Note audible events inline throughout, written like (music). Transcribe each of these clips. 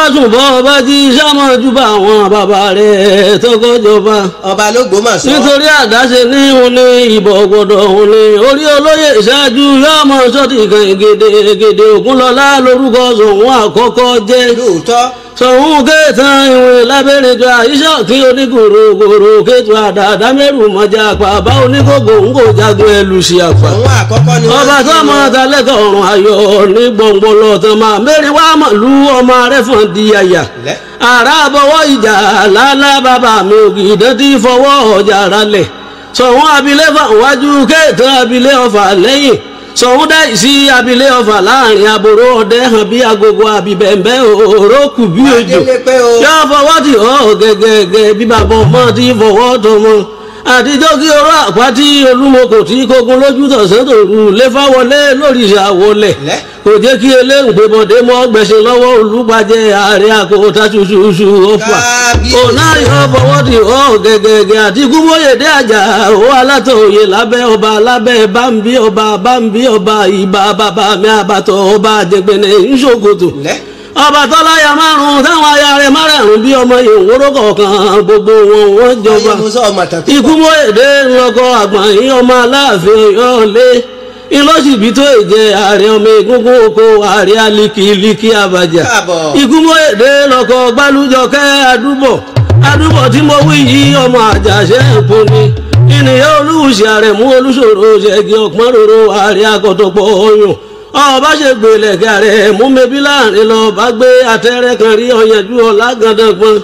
bá tún ọba tí sámọ̀ júbà àwọn bàbá rẹ̀ tọkọjọba. ọba ló gbọ́mọ̀ sọ. nítorí àdáṣe ní òun ní ìbọ̀ gbọ́dọ̀ òun ní orí olóyè ìṣáájú yọmọ sọ́tì gẹ̀gẹ̀dẹ̀ gẹ̀dẹ̀ ògúnlọ́lá lórúkọ sòun àkọ́kọ́ jẹ́. lóòótọ́ sọ̀hún kéètàn ìwé lábẹ́rẹ́jọ àyíṣà kí onígòrò gòrò àdàdà mẹ́rù mọ́jà onígògò ń kò jagun ẹlù sí àpà. ọba ọ̀run ayọ̀ ní gbọ̀ngbọ̀n lọ́tàn máa mẹ́rin wá ọmọ rẹ̀ di àyà ìjà lálá bàbá mi ògìdán ti fọwọ́ ọjà sọ̀hún abilé abilé sọ̀wúdà sí abilé ọ̀fà láàrin àbòrò ọ̀dẹ hàn bí agogo àbíbẹ̀ǹbẹ̀ òrókù bí òjò yóò fọwọ́ tì ọ́ gẹ́gẹ́gẹ́ bí bàbá ọmọ ti fọwọ́ tó mọ́. àtijọ́ kí ọ̀rọ̀ àpáti olúmọkò tí kógun lójú tọ̀sán tòru lẹ́fà wọlé lóríṣà wọlé kò jẹ́ kí eléǹgbẹ̀mọ̀dé mọ́ gbẹ̀sẹ̀ lọ́wọ́ olùbàjẹ́ ààrẹ àkókòtà ṣuṣuṣu ọ̀fà ọ̀nàyọ̀ àti ọba lábẹ́ bámbí ọba bámbí ọba ìbá bàbá mi àbàtọ̀ ọba ńṣòkòtò. ọba ya márùn-ún táwọn aya rẹ̀ márùn-ún bí ọmọ ìwúrò kọ̀ọ̀kan gbogbo wọn wọ́n jọba ìkúmọ̀ èdè ńlọkọ àgbọ̀nyín ọmọ aláàfin yọ̀ọ́lé ìlọ́sibí tó ìjẹ ààrẹ ọmọ egungun oko ààrẹ alikiliki èdè àdúbọ̀ àdúbọ̀ tí mo wí ọmọ àjàṣe olùsòro ọ̀pọ̀n ọba ṣe gbèlè gàrẹ múmebí láàrin lọ bá gbé àtẹrẹ kan rí ọyànjú ọlá gandan pọn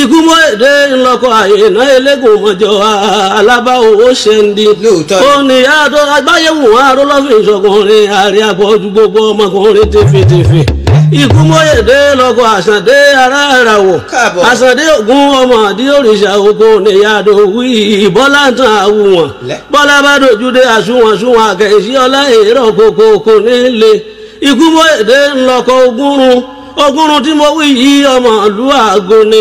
ikú mọ èdè ńlọkọ àyèná elégùn mọjọ alábá owó ṣẹndi ó ní àdó agbáyéwò àrólọ́fìn ìṣọ̀kùnrin àrí àpọ̀jù gbogbo ọmọkùnrin tẹfẹtẹfẹ ikú mọ́yèdé lọ́kọ̀ àṣàdé ará ìràwọ̀ àṣàdé ògún ọmọ àdí òrìṣà oko níyàdó wí bọ́lá tán àwùwọ̀n bọ́lá bá dojúdé àṣùwọ̀n ṣùwọ̀n àkẹ́sí ọlá èrò kòkòkò nílé ikú mọ́yèdé lọ́kọ̀ ogúnrún ogúnrún tí mo wí yí ọmọ ìlú àgọ ni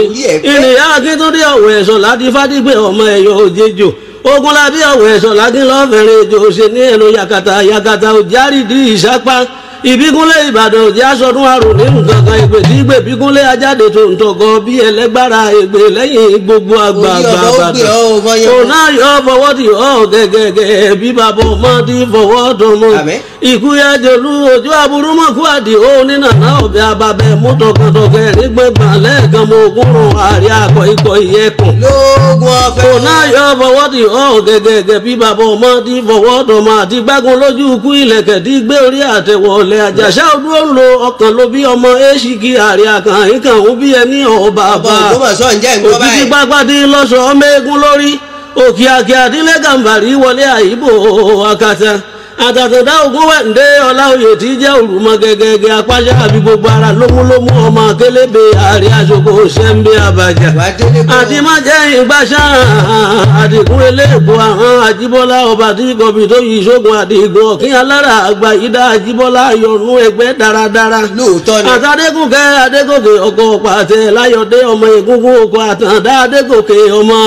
ìrìyà akíntúndé ọ̀wọ̀ ẹ̀sọ̀ láti fádígbé ọmọ ẹ̀yọ òjejò ogun lábí ọ̀wọ̀ ẹ̀sọ̀ lákínlọ́fẹ̀rẹ̀ èjò òṣè ní ẹ̀rọ yakata yakata òjárìdí ìsápá ìbígúnlé ìbàdàn òjì aṣọdún àrùn nínú gangan ìgbè tí ìgbè bígúnlé ajáde tó ń tọkọ bí ẹlẹgbára ìgbè lẹ́yìn gbogbo àgbààgbà àbàdàn òun náà yọ fọwọ́ tì ọ́ gẹ́gẹ́gẹ́ bí bàbá ọmọ ti fọwọ́ tó mọ́ ìkúyà jòlú ojú aburú mọ̀kú àdì òun ní nàná òbí ababẹ mú tọkàntọkẹ ní gbọ̀ngàn lẹ́ẹ̀kan mọ ogun rùn àrí akọ ikọ̀ ìyẹ́kùn. lóògùn ọ̀fẹ́. kò náà yọ fọwọ́ di ọ̀ gẹ́gẹ́gẹ́ bí bàbá ọmọ ti fọwọ́ dọ̀mọ àti gbágun lójú ikú ilẹ̀kẹ̀ tí gbé orí àtẹ̀wọlé àjàṣà dúró ń lo ọkàn ló bí ọmọ èṣìkì àrí akàn ìkàn òun bí ẹni ọ̀ bàbá. òkìtì òkè àkè àdínlẹ́gàmbàrí wọlé àyíbò akata àtàtàdá ògúnwẹ̀ǹdé ọláòyè tí jẹ́ òrùmọ gẹ́gẹ́gẹ́ apáṣẹ àbí gbogbo ara lómúlómú ọmọ akélébé àrí aṣoko ṣẹ́ńbé àbàjá àti má jẹ́ ìgbàṣà àdìgún eléèbó àwọn àjíbọ́lá ọba tí gọbì tó yí ṣógun àdìgún ọ̀kín alára àgbà ìdá àjíbọ́lá yọ̀nú ẹgbẹ́ dáradára àtàdégùnkẹ́ adégòkè ọkọ̀ pàtẹ láyọ̀dé ọmọ egungun oko àtàndá adégòkè ọmọ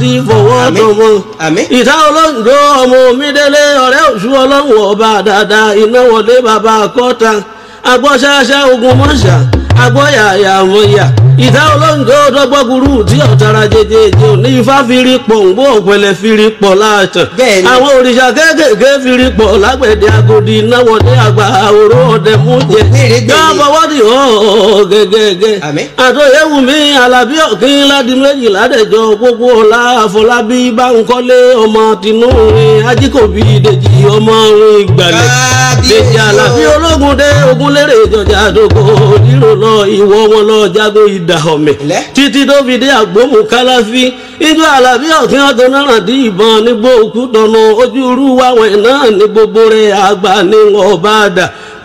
ti fọwọ́ tó mọ ìta olóńdó ọmọ mi délé ọ̀rẹ́ òṣù ọlọ́run ọba dáadáa iná wọlé bàbá kọ́ta agbọ́ṣáṣá ogun mọ́ṣá agbọ́yà àyàwó yà ìdá olóńgbò dọ́gbọ́gurú tí ọ̀tara jẹjẹjẹ ní ifá firi pọ̀ ń gbọ́ òpẹlẹ firi pọ̀ láàtàn àwọn òrìṣà kéékèèké firi pọ̀ lágbẹ̀dẹ agodi náwọ̀dé àgbà òró ọ̀dẹ mú jẹ yóò fọwọ́ di hó gẹ́gẹ́gẹ́ àtòyẹ́wù mi alábí ọ̀kín ládi méjì ládẹjọ́ gbogbo ọ̀la àfọlábí báńkọ́lé ọmọ tinúrin ajíkòbí dèjì ọmọ ìgbàlẹ̀ dèjì alábí ológun dé ogun lérè ìjọjà àdógó nírò lọ náà ìwọ wọn náà jágbó ìdá ọ̀mẹ̀ títí tó fi dé àgbóhùn kálàfí ijó àlàbí ọ̀tí ọ̀tọ̀ náírà dí ìbọn nígbó òkú dọ̀nà ní gbogbo rẹ̀ àgbà ní ọ̀bá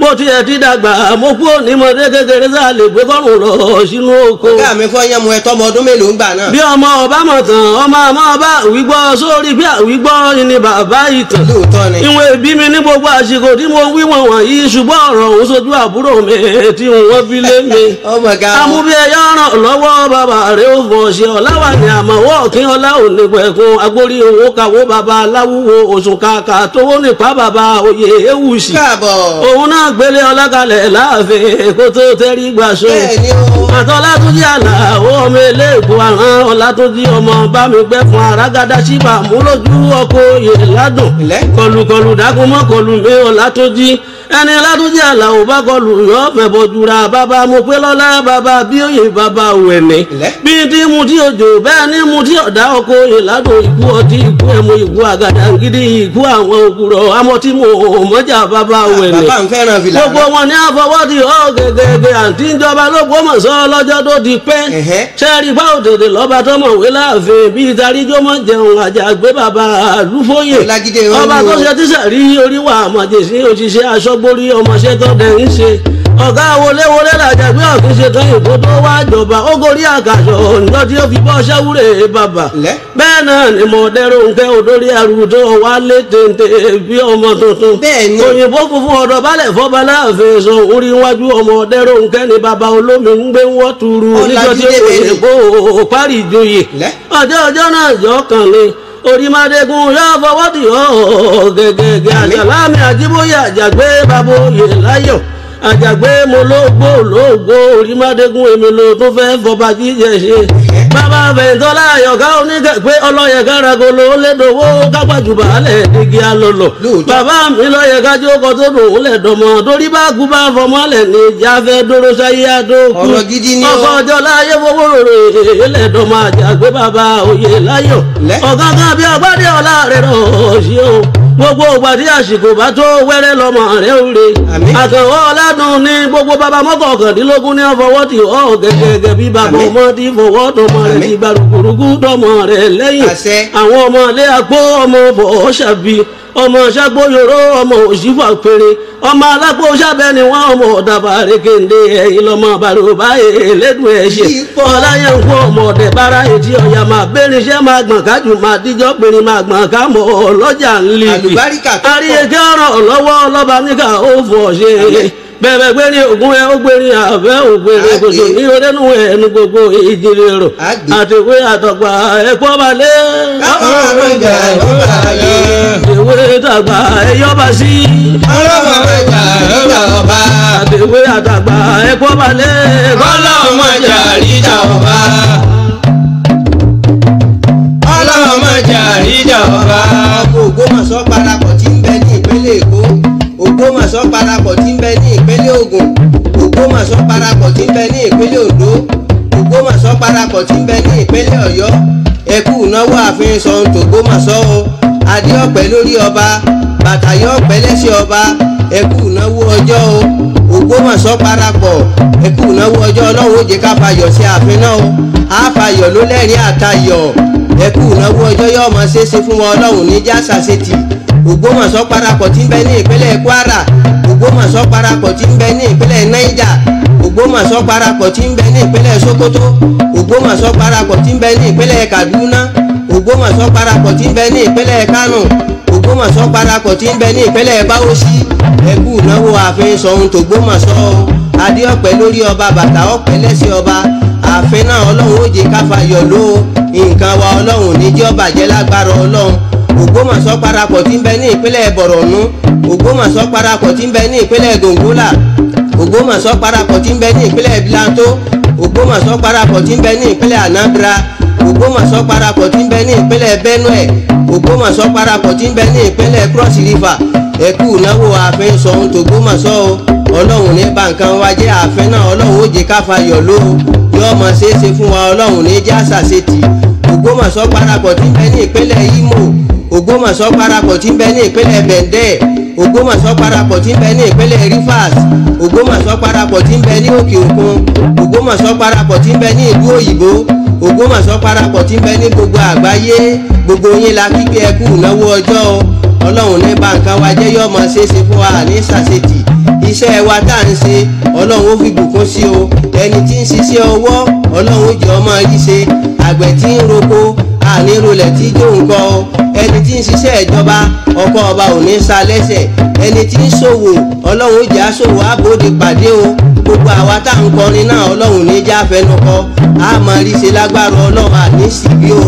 mo tiẹ̀ ti dàgbà mo kú òní mo dé kékeré sáà lè gbé kọ́rùn lọ sínú oko. ọ̀gá mi fọ́ yẹn mu ẹ tọmọ ọdún mélòó ń gbà náà. bí ọmọ ọba mọ̀ tán ọmọ àmọ́ ọba àwígbọ́ sórí bí àwígbọ́ ni bàbá ìtàn. lóòótọ́ ni. ìwọ̀n ẹbí mi ní gbogbo àsìkò tí mo wí wọ̀n wọ̀nyí ṣùgbọ́n ọ̀rọ̀ òun sojú àbúrò mi tí wọ́n fi lé mi. (laughs) Oh amúbí ẹyọ ràn lọ́wọ́ bàbá rẹ̀ ó fọ̀ ṣe ọ̀làwà ni àmọ́ wọ́ọ̀kín ọlá òní pẹ̀kun agbórí owó kàwó bàbá aláwúwo òṣùnkàkà tówó nípa bàbá òye ewúṣì. káàbọ̀. òun náà gbélé ọlọ́kalẹ̀ láàfin kó tó tẹ́rí gbàṣọ. àtọ́ látúndí àlàó ọmọ eléèkó àrán ọlátúndí ọmọ bá mi gbẹ́ fún arágádá ṣíbà múlòjú ọkọ̀ òye ládùn kọlùkọlù dákúmọ́ kọlù mi ọlátúndí ẹni ládùjẹ́ àlàó bá kọlù yọ fẹ̀bọ̀ jura bàbá mo pé lọ́lá bàbá bí òye bàbá wẹ̀mí. bí tí mu tí òjò bẹ́ẹ̀ ni mu tí ọ̀dà ọkọ ìlàdò ìkú ọtí ìkú ẹ̀mú ìkú àgàdà gidi ìkú àwọn òkúrọ̀ amọ̀ tí mo mọ́jà bàbá wẹ̀mí. Ah, gbogbo wọn ní àfọwọ́dì ọ gẹ́gẹ́gẹ́ àǹtí ìjọba ló gbọ́mọ̀ sọ lọ́jọ́ tó ti pẹ́. sẹ́ẹ̀rì bá òtètè lọ́ba tọmọ̀wé láàfin bí ìtaríjó borí ọmọṣẹ́ tó dẹ̀yìn ṣe ọ̀gá wọléwọlé làjàgbé ọ̀gbìn ṣe kan èkó tó wá jọba ó gorí àkàṣọ ọ̀nà tí ó fi bọ́ ṣẹ́wúrẹ́ bàbá bẹ́ẹ̀ náà ni mo dẹ́rù nǹkẹ́ òdórí àrùtó wá lé téńté bí ọmọ tuntun òyìnbó funfun ọ̀dọ̀ balẹ̀ fọba láàfin sọ orí iwájú ọmọ dẹ́rù nǹkẹ́ ni bàbá olómi ń gbé wọ́n tuuru níjọ́ tí ó kò ní kó parí ìjòyè ọjọ́ ọjọ́ náà jọ kàn ni orímọdégún yóò fọwọ́ tì ó gègègè àṣàlámì àjíbóyè àjàgbé baboyè láyọ̀ àjàgbé mo lóògbó lóògbó orí mádégún èmi ló tó fẹ́ fọba jíjẹ ṣe. bàbá fẹ̀yìntọ́lá àyọ̀ká onígbàgbé ọlọ́yẹ̀ká ragolo lẹ́dọ̀wọ́ kápájùbà alẹ̀ digi alọ̀lọ̀. bàbá mi lọ́yẹ̀ká tí ó kọ tó dùn ún lẹ̀dọ̀mọ́ torí bá kú bá fọmọ́ alẹ̀ ní ìjà fẹ́ dóró sáyé àdó. ọ̀rọ̀ gidi ni o. ọkọ̀ ọjọ́ láyé fowó rorò lẹ́dọ̀mọ́ àjàgbé bàbá òye láyọ̀. ọ̀gá gbogbo ìgbà tí àsìkò bá tó wẹ́rẹ́ lọ́mọ rẹ̀ òre àkànwọ́ ọ̀làdùn ní gbogbo bàbá mọ́kànkàndínlógún ní ọ̀fọwọ́ tí ó gẹ́gẹ́ bí bàbá ọmọ tí fọwọ́ tọmọ rẹ̀ ti gbàrúgbùrúgbù tọmọ rẹ̀ lẹ́yìn àwọn ọmọ ilé àpò ọmọ bọ̀ ọ́ ṣàbí ọmọ ṣàgbó yòró ọmọ òṣìfà péré ọmọ alágbó ṣàbẹ ni wọn ọmọ ọdàbà rẹkẹndé ẹyin lọmọ bàrùbá ẹlẹdùn ẹṣẹ ọláyẹnkú ọmọ ọdẹ bára etí ọyà máa bẹrẹ iṣẹ máa gbọn kájú máa díjọ péré máa gbọn kámọ ọlọjà ńlẹ àríyé kẹrọ lọ́wọ́ ọlọba níkà ó fọ ṣe bẹ̀rẹ̀ gbẹ́ni ògùn ẹ̀ ó gbẹ́ni àfẹ́ ògbẹ́ni gbogbo ní onínú ẹnu gbogbo ìjìnlẹ̀ rò àti ìwé àtọ̀gbà ẹ̀kọ́ bá lé. káwọn ọmọ ìjà ló bá yé. ìwé àtàgbà ẹ̀yọ́ bá sí. ọlọ́mọ ìjà ló ọba. àti ìwé àtàgbà ẹ̀kọ́ bá lé. ọlọ́mọ ìjà ríjà ọba. ọlọ́mọ ìjà ríjà ọba. Ògbómọ̀ṣọ́ parapọ̀ tí ń bẹ ní ìpínlẹ̀ Èkó Ògbómọ̀ṣọ́ parapọ̀ tí ń bẹ ní Ògùn Ògbómọ̀ṣọ́ parapọ̀ tí ń bẹ ní ìpínlẹ̀ Oǹdó Ògbómọ̀ṣọ́ parapọ̀ tí ń bẹ ní ìpínlẹ̀ Ọ̀yọ́ ẹkú ìnáwó àfihàn sọ̀hún tògbómọ̀ṣọ́ o adéọ̀pẹ lórí ọba bàtàyọ̀pẹ lẹ́sẹ̀ ọba ẹkú ìnáwó ọjọ́ o Ògbómọ̀ṣọ́ parapọ̀ ẹkú ìnáwó ọjọ́ ọlọ́run ó jẹ́ ká fayọ̀ sí ààfin náà o àfàyọ̀ ló lẹ́rìn àtayọ̀ ẹkú ìnáwó ọjọ́ yóò Ògbómọ̀ṣọ́ parapọ̀ tí ń bẹ ní ìpínlẹ̀ Kwara Ògbómọ̀ṣọ́ parapọ̀ tí ń bẹ ní ìpínlẹ̀ Niger Ògbómọ̀ṣọ́ parapọ̀ tí ń bẹ ní ìpínlẹ̀ Sokoto Ògbómọ̀ṣọ́ parapọ̀ tí ń bẹ ní ìpínlẹ̀ Kaduna Ògbómọ̀ṣọ́ parapọ̀ tí ń bẹ ní ìpínlẹ̀ Kano Ògbómọ̀ṣọ́ parapọ̀ tí ń bẹ ní ìpínlẹ̀ Bauchi ẹkú ìnáwó ààfin sọ̀hún tògbómọ̀ṣọ́ adéọ̀pẹ́ lórí ọba bàtà ọ̀pẹ́ lẹ́sẹ̀ ọba ààfin náà ọlọ́run ó jẹ́ káfà yọ̀ lóo nǹkan wa ọlọ́run níjọ́ bàjẹ́ lágbára ọlọ́run Ògbómọ̀ṣọ́ parapọ̀ tí ń bẹ ní ìpínlẹ̀ Bọ̀rọ̀nú Ògbómọ̀ṣọ́ parapọ̀ tí ń bẹ ní ìpínlẹ̀ Dongola Ògbómọ̀ṣọ́ parapọ̀ tí ń bẹ ní ìpínlẹ̀ Bilanto Ògbómọ̀ṣọ́ parapọ̀ tí ń bẹ ní ìpínlẹ̀ Anambra Ògbómọ̀ṣọ́ parapọ̀ tí ń bẹ ní ìpínlẹ̀ Benue Ògbómọ̀ṣọ́ parapọ̀ tí ń bẹ ní ìpínlẹ̀ Cross River ẹ kú ìnáwó ààfin sọ̀hún tògbómọ̀ṣọ́ o ọlọ́run ní bá nǹkan wá jẹ́ ààfin náà ọlọ́run ó jẹ́ káfa yọ̀ lóru yóò mọ̀ ṣeéṣe fún wa ọlọ́run ní jásà ṣe tì Ògbómọ̀ṣọ́ parapọ̀ tí ń bẹ ní ìpínlẹ̀ Imo Ògbómọ̀ṣọ́ parapọ̀ tí ń bẹ ní ìpínlẹ̀ bẹ̀ndẹ́ Ògbómọ̀ṣọ́ parapọ̀ tí ń bẹ ní ìpínlẹ̀ Rivers Ògbómọ̀ṣọ́ parapọ̀ tí ń bẹ ní òkè òkun Ògbómọ̀ṣọ́ parapọ̀ tí ń bẹ ní ìlú òyìnbó Ògbómọ̀ṣọ́ parapọ̀ tí bẹ ní gbogbo àgbáyé gbogbo yín la kíkẹ ẹkú ìnáwó ọjọ́ Ọlọ́run ní bàǹkà wa jẹ́ yọmọ ṣeéṣe fún wa ní sàṣetì iṣẹ́ wa tá à ń ṣe Ọlọ́run ó fi bùkún sí o ẹni tí ń ṣiṣẹ́ ọwọ́ Ọlọ́run ó jẹ́ ọmọ yìí ṣe àgbẹ̀ tí ń roko ànírúlẹ̀ tí jó ń gbọ́ ọ ẹni tí ń ṣiṣẹ́ ìjọba ọkọ̀ ọba ò ní sa lẹ́sẹ̀ ẹni tí ń ṣòwò ọlọ́run jẹ́ aṣòwò àbòdì pàdé o gbogbo àwa tá à ń kọrin náà ọlọ́run ní já fẹnukọ a máa rí ṣe lágbára ọlọ́run àní síbí o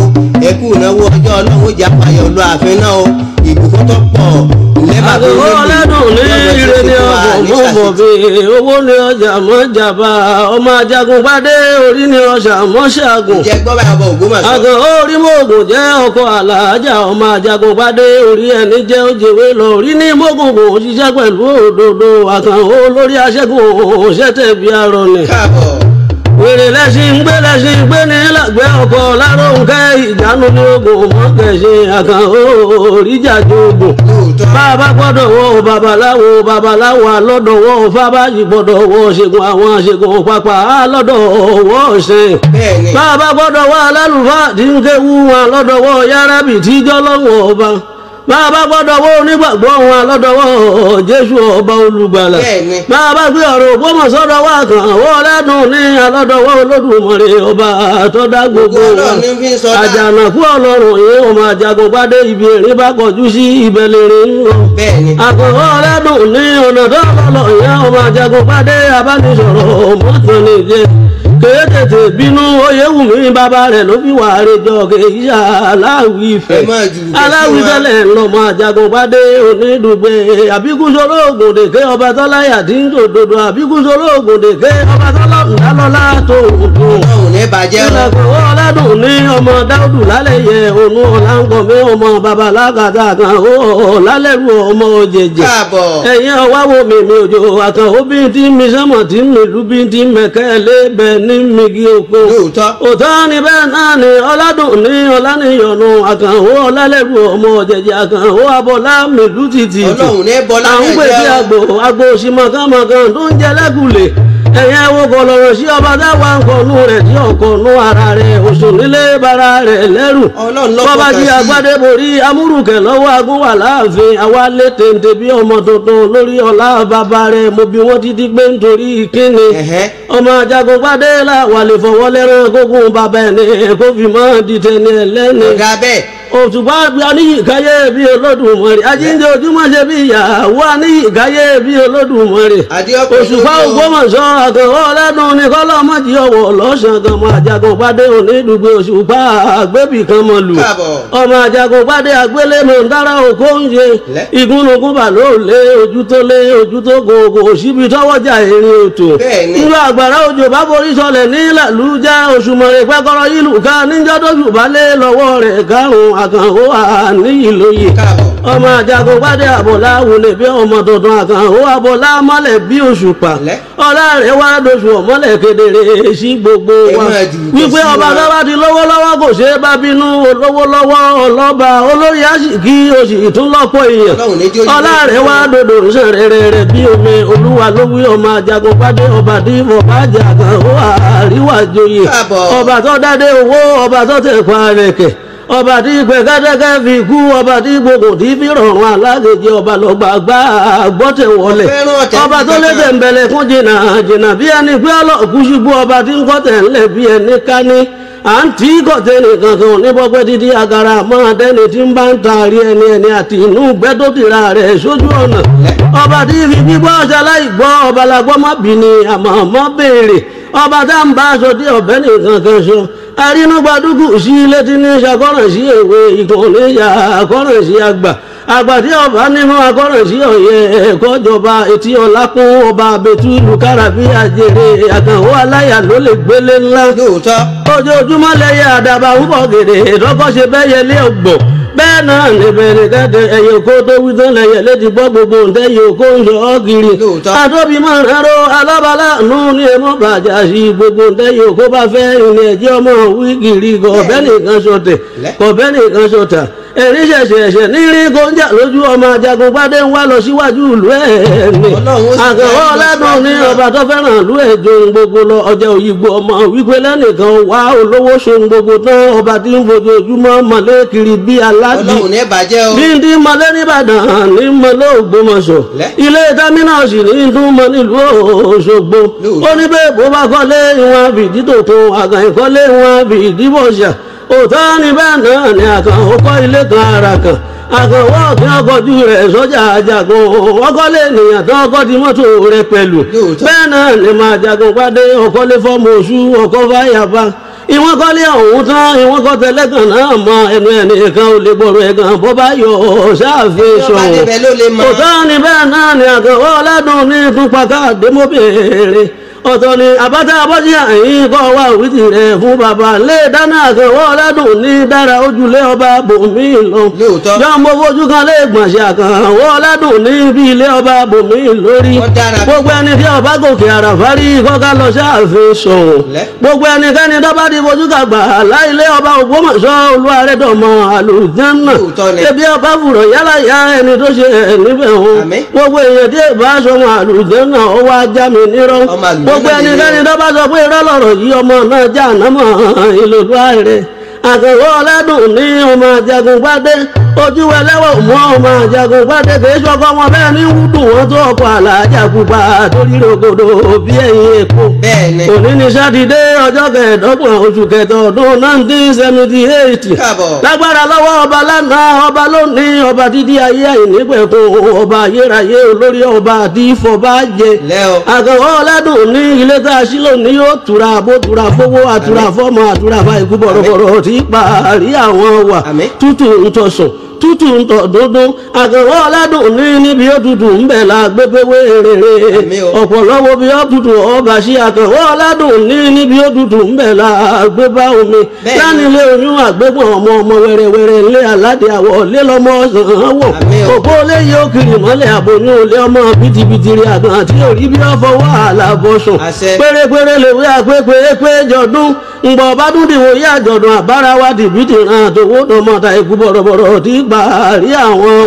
ẹkú ìnáwó ọjọ́ ọlọ́run jà pààyàn lọ àfin náà o ìbùkún tó pọ̀ àgbègbè ọlẹ́dùn ní ire ni ọ̀bùn mú bọ̀ bí owó ni ọjà mọ́ jàmbá ọmọ ajagun gbadé orí ni ọjà mọ́ ṣàgùn. àgàn orí mògùn jẹ́ ọkọ̀ àlàájà ọmọ ajagun gbadé orí ẹni jẹ́ òjèwé lọ orí ní mògùn kò ṣiṣẹ́ pẹ̀lú òdodo àkàn olórí aṣẹ́gun òṣètè bíi arọ ni. káàbọ̀ wèrè lẹ́sìn ń gbé lẹ́sìn gbé ní làgbẹ́ ọkọ̀ láròǹkẹ́ ìjánu ní ogun mọ́kẹ́sìn àkàn òrìjàjò ogun bàbá gbọ́dọ̀ wọ babaláwo babaláwo alọ́dọ̀ wọ fábàjì gbọ́dọ̀ wọ ṣègùn àwọn ṣègùn pápá alọ́dọ̀ wọ ṣe bàbá gbọ́dọ̀ wọ alálùfáà tí ń kéwu wọn lọ́dọ̀ wọ yárábì tíjọ́ lọ́wọ́ ọba bàbá gbọ́dọ̀ wo onígbàgbọ́ wọn lọ́dọ̀wọ́ jésù ọba olùgbàlà bàbá gbé ọ̀rọ̀ ògbómọ̀ sọ́dọ̀ wà kàn wó lẹ́nu ní alọ́dọ̀wọ́ olódùmarè ọba àtọ́dá gbogbo wọn àjànàkú ọlọ́run yìí wọn máa jago gbádé ibi èrè bá kọjú sí ibẹ̀ lèrè wọn. àkọ́kọ́ lẹ́nu ní ọ̀nà tó lọ́lọ́ yìí wọn máa jagun gbádé abánisọ̀rọ̀ mọ́tò nìjẹ́ kéétètè bínú oyèwùmí bàbá rẹ̀ ló bí wàá rẹjọ kéyà aláwì ìfẹ́ aláwì tẹ́lẹ̀ lọ́mọ àjàgùnbádé onídùgbé àbíkúnṣolóògùn dèké ọba tọ́láyà dín dòdòdò àbíkúnṣolóògùn dèké ọba tọ́láyà lálọ́lá tó òkú. ọlọ́run ní o. ìlẹ̀kùn ọ̀lẹ́dùn ní ọmọ dáúdù lálẹ́ yẹ ònú ọ̀làǹgọ̀mí ọmọ bàbá lágàtà kan ó lálẹ́rù ọmọ òjèjì. káàbọ̀. ẹ̀yin ọwá wo mèmí òjò àtàn òbí tí mi sẹ́mọ̀ tí mi lù tí mẹ̀kẹ́ lé bẹ̀ ní migi òpó. lóòótọ́. òótọ́ ni bẹ́ẹ̀ náà ni ọ̀làdùn ní ọ̀làníyànnú àkàn ó lálẹ́rù ọmọ òjèjì àkàn ó abọ́lá mi lù títì. ọlọ́run ní bọ́lá ẹ̀yẹ́ wo kò lọ̀rọ̀ sí ọba dáwà ń kọ̀nú rẹ̀ tí ọ̀kọ̀nú ara rẹ̀ oṣù bara rẹ̀ lẹ́rù bọ́bá jí agbádé borí amúrùkẹ̀ lọ́wọ́ agún wà láàfin àwa lé tèǹtè bí ọmọ tuntun lórí ọ̀la bàbá rẹ̀ mo bí wọ́n títí pé nítorí kíni ọmọ ajagun gbádé là wà gógùn bàbá ẹ̀ ní kó dìtẹ̀ ní ẹlẹ́ni. ọ̀gá bẹ́ẹ̀ òtùbá aníyì káyé bí olódùmarè ajínigbé ojúmọ́ ṣe bí ìyàwó aníyì káyé bí olódùmarè òṣùpá ògbómọ̀ṣọ́ àgàwọ́ ọlẹ́nu ní kọ́lọ́mọ́jì ọ̀wọ̀ lọ́sàn kan mọ àjàgùn pàdé onídùgbò òṣùpá àgbébì kan mọ lù ọmọ àjàgùn pàdé àgbélé mọ̀ ń dára òkó oúnjẹ ìgúnnugún bà ló lé ojú tó lé ojú tó gògò òṣìbí tọwọ́jà erin òtò nílò àgbàrá òjò bá borí sọlẹ̀ ní làlújá òṣùmọ̀rẹ̀ pẹ́kọ́rọ́ yìlù ká níjọ́dọ́ṣù bá lé lọ́wọ́ rẹ̀ kárùn-ún àkànhó àníyì lóye ọmọ àjàgò bàdé àbọ̀lá wulẹ̀ bí ọmọ tuntun àkànhó àbọ̀lá mọ́lẹ̀ bí òṣùpá ọlá rẹ̀ wá doṣù ọ̀mọ́lẹ̀ kedere sí gbogbo wa wípé ọba sábà ti lọ́wọ́lọ́wọ́ kò ṣe é bá bínú lọ́wọ́lọ́wọ́ ọlọ́ba olórí àṣìkí oṣù ìtúnlọ́pọ̀ èèyàn ọlá rẹ̀ wá dodo sàn rẹ̀rẹ̀rẹ̀ bí omi olúwa ló ọmọ àjàgò bàdé ọba tí ọba àjàgàn ó àríwájòyè ọba tó dádé owó ọba tó tẹ̀ pa rẹ̀ kẹ̀. ọba tí ìpè kátàkà fi kú ọba tí gbogbo tí fi rọrùn alágèjì ọba lọgbà gbá gbọ́tẹ̀ wọlé ọba tó lé tẹ̀m̀bẹ̀lẹ̀ kún jìnnà jìnnà bí ẹni pé ọlọ́ọ̀kú ṣubú ọba tí ń kọ́tẹ̀ ká ní agara máa dẹ́ni tí ń bá ń taari ẹni ẹni àti inú gbẹ́ tó ti ra rẹ̀ sójú ọ̀nà ọba tí gbígbọ́ ọ̀sẹ̀ ọba làgbọ́ arínúgbàdúgù sí ilé tí ní ṣàkọ́ràn sí èwe ìkànléyà àkọ́ràn sí àgbà àgbàdí ọba nímọ̀ àkọ́ràn sí ọ̀yẹ́ ẹ̀kọ́jọba etí ọlákún ọba abẹ́tú ìlú káràbí àjèrè àkànwó aláyà ló lè gbélé ńlá. ojoojúmọ́ lẹ́yẹ àdàbà ń bọ̀ gèrè lọ́kọ́ ṣe bẹ́yẹ lé ọgbọ̀n. Bena ne bene gade eyo ko to wizan na ye ledi di bo gbogbo nde yo ko nde o giri. Ado bi ma ra ro alabala nu ni emo ba si gbogbo nde yo ko ba fe ni eje omo wi giri go bene kan ẹ̀rí ṣẹ̀ṣẹ̀ṣẹ̀ nílé gọ́njà lójú ọmọ ajagun gbadé ń wá lọ síwájú ìlú ẹ̀ ní àgàwọ́ ọ̀làdùn ní ọba tó fẹ́ràn ìlú ẹ̀ ju gbogbo lọ ọjà òyìnbó ọmọ wípé lẹ́nìkan wá olówó ṣe gbogbo tán ọba tí ń fojoojúmọ́ mọ̀lẹ́ kiri bí aládì bí ń dín mọ̀lẹ́ nìbàdàn ní mọ̀lẹ́ ògbómọ̀ṣọ́ ilé támínà sì ní tún mọ nílùú Òṣogbo ó ní bẹ́ẹ̀ bó bá kọ́lé wọn òótọ́ ni bẹ́ẹ̀ náà ni àkàn ó kọ́ ilé kan ara kan àkànwọ́ ọ̀gbìn ọkọ̀jú rẹ̀ sọ́jà àjàgùn ọkọ̀lé ènìyàn tán ọkọ̀ di mọ́tò rẹ̀ pẹ̀lú bẹ́ẹ̀ náà ni màá jagun pàdé ọkọ̀lé fọ́ọ̀mù oṣù ọkọ̀ fáyàfá ìwọ́n kọ́ lé ọ̀hún tán ìwọ́n kọ́ tẹlẹ́gàn náà mọ ẹnu ẹni kan ò lè gbọ́rọ̀ ẹ̀gàn bó bá yọ ṣáàfi sọ̀rọ̀ òtọ́ ni bẹ́ẹ̀ náà ni àkànwọ́ ọ̀làdùn ní ìtúpàkà àdémọ́bìnrin ọ̀tọ̀ ni àbáta abọ́síà ẹ̀yìn kọ́ wa òwìtì rẹ̀ fún bàbá lé dáná àkẹwọ́ ọ̀làdùn ní dára ojúlé ọba bòmí lọ. yọ̀ọ́ mo fojú kan lé gbọ̀nsẹ̀ àkànwọ́ ọ̀làdùn ní ibi ilé ọba bòmí lórí. gbogbo ẹni tí ọba gòkè àràfárí kọ́ká lọ sáàfin sọ̀rọ̀. gbogbo ẹnikẹ́ni dọ́bá ti fojú kan gbà láìlé ọba Ògbómọ̀ṣọ́ olúwarẹ̀dọ̀mọ àlùjánà. ebi ọba fùrọ̀ yálà yá ẹni tó ṣe ẹ̀ níbẹ̀ wọn. gbogbo èèyàn tí èèbá sọmọ gbogbo ẹnikẹ́ni tó bá sọ pé irọ́ lọ̀rọ̀ yìí ọmọ náà jà námọ̀ ìlú àìrè àgànwọ́ ọlẹ́dùn ní ọmọ àjàgùn gbádé ojú ẹlẹ́wọ̀ mọ́ ọmọ àjàgùn gbádé kì í ṣọkọ wọn bẹ́ẹ̀ ní wúdù wọn tó ọkọ̀ àlàjàgùn pa torí rògbòdò bí ẹ̀yìn èkó. òní ni sátidé ọjọ́ kẹẹ̀ẹ́dọ́gbọ̀n oṣù kẹtọ̀ ọdún nineteen seventy eight. lágbára lọ́wọ́ ọba lánàá ọba lónìí ọba dídí ayé àìnípẹ̀kun ọba ayérayé olórí ọba àti ìfọ̀bá jẹ. àgànwọ́ ọlẹ́dùn ní ilé tá a ṣí lónìí ó tura àbó tura fowó àtura fọ́mọ àtura fáìkú bọ̀rọ̀bọ̀rọ̀ ti rí parí àwọn wà tútù ń tọ̀sán tútù ń tọ̀ ọ̀làdùn ní níbi ó ń bẹ̀ la gbégbéwé rere ọ̀pọ̀lọ́wọ́ bí ó ọba sí àgànwọ́ ọ̀làdùn ní níbi ó ń bẹ̀ la gbé omi lánilé oyún àgbégbọ̀n ọmọ ọmọ wẹrẹwẹrẹ ilé aládé àwọ̀ lé lọ́mọ ọ̀sán wò òpó lé yóò kiri mọ́lẹ̀ àbòyún ilé ọmọ bìtìbìtìrì àgàn àti òrí bí wọ́n parí àwọn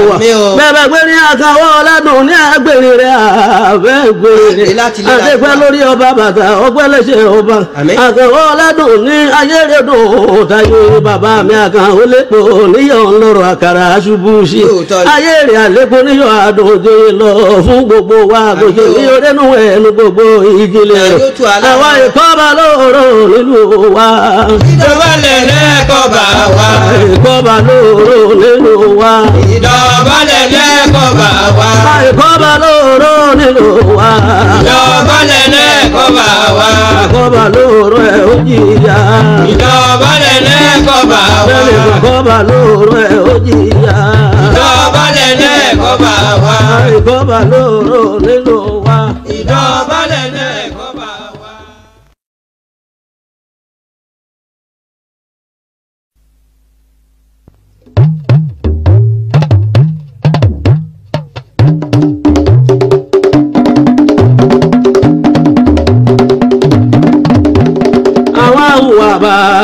wà bẹ́ẹ̀ gbé ní àkàwọ́ ọ̀làdùn ní agbèrè rẹ̀ àbẹ́ gbèrè àdégbẹ́ lórí ọba bàtà ọgbẹ́ lẹ́sẹ̀ ọba àkàwọ́ ọ̀làdùn ní ayédèdùn tayo bàbá mi àkàwọ́ lẹ́pọ̀ níyọ̀ ńlọrọ̀ àkàrà aṣubú sí ayéèrè àlékún níyọ̀ àdùn lọ fún gbogbo wa àgòjò ní orénú ẹnu gbogbo ìjìnlẹ̀ àwa ìkọ́ba lóòrò bá lóòrò nílùú nílò wa. ìdọ̀bálẹ̀ lẹ́kọ̀ọ́ bá wa. àìkọ́bá lóró nílò wa. ìdọ̀bálẹ̀ lẹ́kọ̀ọ́ bá wa. àìkọ́bá lóró ẹ̀ ó jìyà. ìdọ̀bálẹ̀ lẹ́kọ̀ọ́ bá wa. bẹ́ẹ̀ni àìkọ́bá lóró ẹ̀ ó jìyà. ìdọ̀bálẹ̀ lẹ́kọ̀ọ́ bá wa. àìkọ́bá lóró nílò wa. ìdọ̀bálẹ̀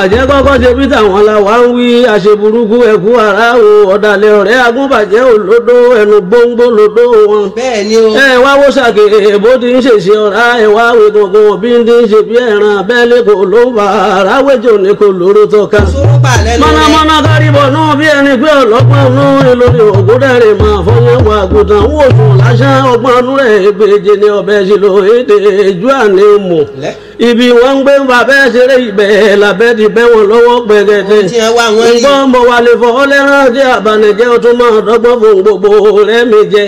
agúnbàjẹ́ kọ́kọ́ ṣe bí tàwọn la wá ń wí aṣeburúkú ẹ̀kú ara o ọ̀dàlẹ̀ ọ̀rẹ́ agúnbàjẹ́ òlódó ẹnu gbóngbó lódó wọn. bẹ́ẹ̀ni o. ẹ wá wó sàkè èbó ti ń ṣèṣe ọ̀rá ẹ wá wé gbọ̀ngàn bí ń ti ń ṣe bí ẹran abẹ́lé kò ló ń fa ara wéjò ní kò lóró tọ́ka. mọ̀nàmọ́ná kárìbọ̀ náà bí ẹni pé ọlọ́pàá náà ìlórí ògúndẹ̀rẹ̀ máa fọyín wà àgùntàn ibi wọ́n ń gbé ń bàbá ẹ̀ ṣeré ìbẹ̀ làbẹ́ ti bẹ́ wọn lọ́wọ́ gbẹ̀gẹ̀dẹ̀ ìbọn ọmọ wa lè fọ́ ọlẹ́rán tí àbànújẹ́ ó tún máa dọ́gbọ́n fún gbogbo rẹ́mi jẹ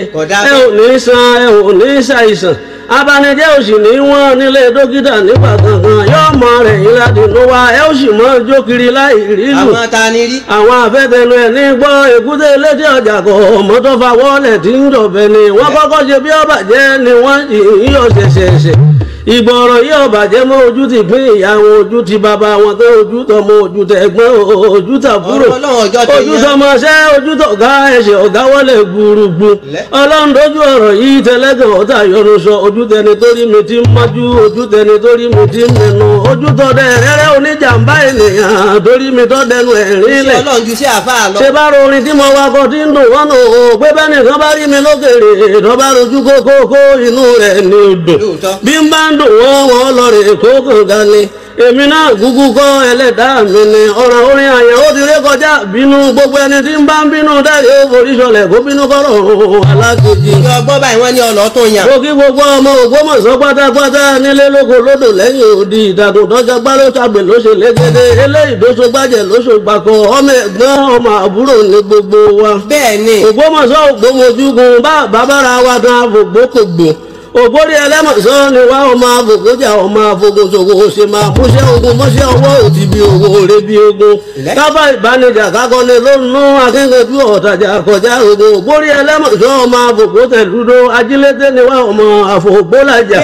ẹ ò ní san ẹ ò ní ṣàìsàn abanijẹ́ ò ní wọ́n nílé dókítà nígbà kankan yóò mọ rẹ̀ yín láti inú wa ẹ ó sì mọ jókiri láì rírù àwọn ni rí. àwọn afẹ́tẹnu ẹ̀ ní gbọ́ èkúté létí ọjà kọ̀ mọ́tò tí ń dọ̀bẹ ni wọ́n kọ́kọ́ ṣe bí ọbàjẹ́ ni wọ́n yìí yọ̀ ṣẹ̀ṣẹ̀ṣẹ̀ ìgbọ̀rọ̀ yìí ọ̀bàjẹ́ mọ́ ojú ti pín ìyá wọn ojú ti bàbá wọn tó ojú tọmọ ojú tẹ̀gbọ́n ojú tàbúrò ojú tọmọṣẹ́ ojú tọ̀gá ẹ̀ṣẹ̀ ọ̀gá wọlé gbùrùgbù ọlọ́run dojú ọ̀rọ̀ yìí tẹlẹ́gàn ọ̀tá yọrùsọ ojú tẹni torí mi ti ń mọ́jú ojú tẹni torí mi ti ń mẹnu ojú tọdẹ rẹ́rẹ́ oníjàmbá ènìyàn torí mi tọ́ ẹ̀rín dùn wọ́n wọ́n lọ́ọ̀rẹ́ kókò gani èmi náà gúgú kọ́ ẹlẹ́dàá mi ni ọ̀ràn orin àyẹ̀ ó ti ré kọjá bínú gbogbo ẹni tí ń bá ń bínú dáre forí sọlẹ̀ kó bínú kọ́rọ̀ alákejì. ìjọ ọgbọ́n báyìí wọ́n ní ọ̀lọ́ tó yàn. mo kí gbogbo ọmọ Ògbómọ̀ṣọ́ pátápátá nílé lóko lódò lẹ́yìn odi ìdàdùn tọ́jà gbáró sàgbè ló ṣe légede eléyìí tó so gbájẹ̀ ló so gbàkọ́ ọmọ ẹ̀gbọ́n ọmọ àbúrò ní gbogbo wa. bẹ́ẹ̀ ni Ògbómọ̀ṣọ́ ògbómojú gun bá bàbára wa gan òbórí ẹlẹ́mọ̀sán ni wá ọmọ àfòkójà ọmọ àfòkòsòkò ṣe máa múṣẹ́ ogun mọ́ṣẹ́ ọwọ́ òtí bí ogun òre bí ogun káfá ìbánijà kákọ́ni ló nú akínkè bí ọ̀tàjà kọjá ogun òbórí ẹlẹ́mọ̀sán ọmọ àfòkótẹ̀ dúró ajílété ni wá ọmọ àfòkólájà